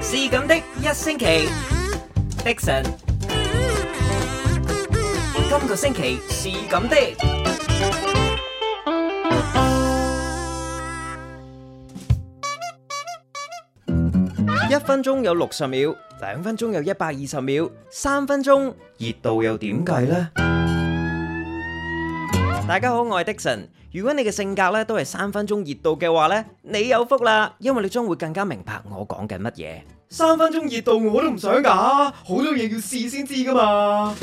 是咁的，一星期，迪燊，今個星期是咁的，一分鐘有六十秒，兩分鐘有一百二十秒，三分鐘熱度又點計呢？大家好，我係 Dixon。如果你嘅性格咧都係三分鐘熱度嘅話咧，你有福啦，因為你將會更加明白我講緊乜嘢。三分鐘熱度我都唔想噶，好多嘢要試先知噶嘛。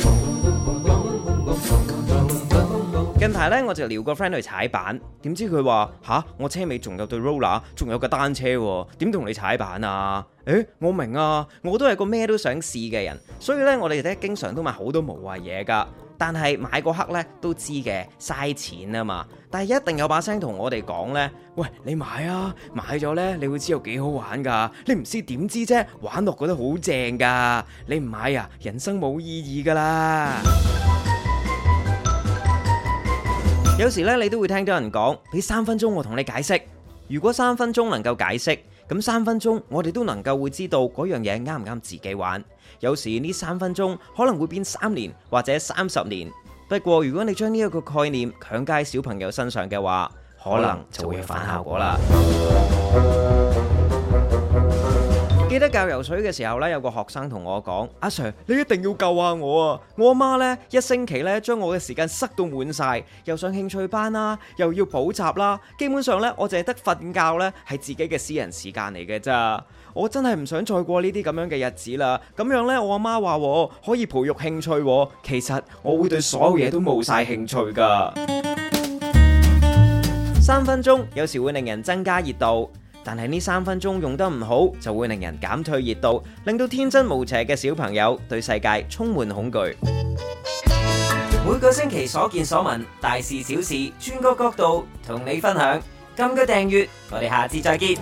近排咧我就撩個 friend 去踩板，點知佢話吓我車尾仲有對 roller，仲有個單車，點同你踩板啊？誒、欸，我明啊，我都係個咩都想試嘅人，所以咧我哋咧經常都買好多無謂嘢噶。但係買嗰刻呢都知嘅，嘥錢啊嘛！但係一定有把聲同我哋講呢：「喂，你買啊！買咗呢你會知道幾好玩噶，你唔知點知啫，玩落覺得好正噶，你唔買啊，人生冇意義噶啦！」有時呢，你都會聽到人講，俾三分鐘我同你解釋，如果三分鐘能夠解釋。咁三分鐘，我哋都能夠會知道嗰樣嘢啱唔啱自己玩。有時呢三分鐘可能會變三年或者三十年。不過如果你將呢一個概念強加喺小朋友身上嘅話，可能就會反效果啦。記得教游水嘅時候咧，有個學生同我講：阿、啊、Sir，你一定要救下我啊！我阿媽咧一星期呢將我嘅時間塞到滿晒，又上興趣班啦、啊，又要補習啦，基本上呢，我淨係得瞓覺呢係自己嘅私人時間嚟嘅咋。我真係唔想再過呢啲咁樣嘅日子啦。咁樣呢，我阿媽話我可以培育興趣喎。其實我會對所有嘢都冇晒興趣㗎。 三分鐘有時會令人增加熱度。但係呢三分鐘用得唔好，就會令人減退熱度，令到天真無邪嘅小朋友對世界充滿恐懼。每個星期所見所聞，大事小事，轉個角度同你分享。㩒個訂閱，我哋下次再見。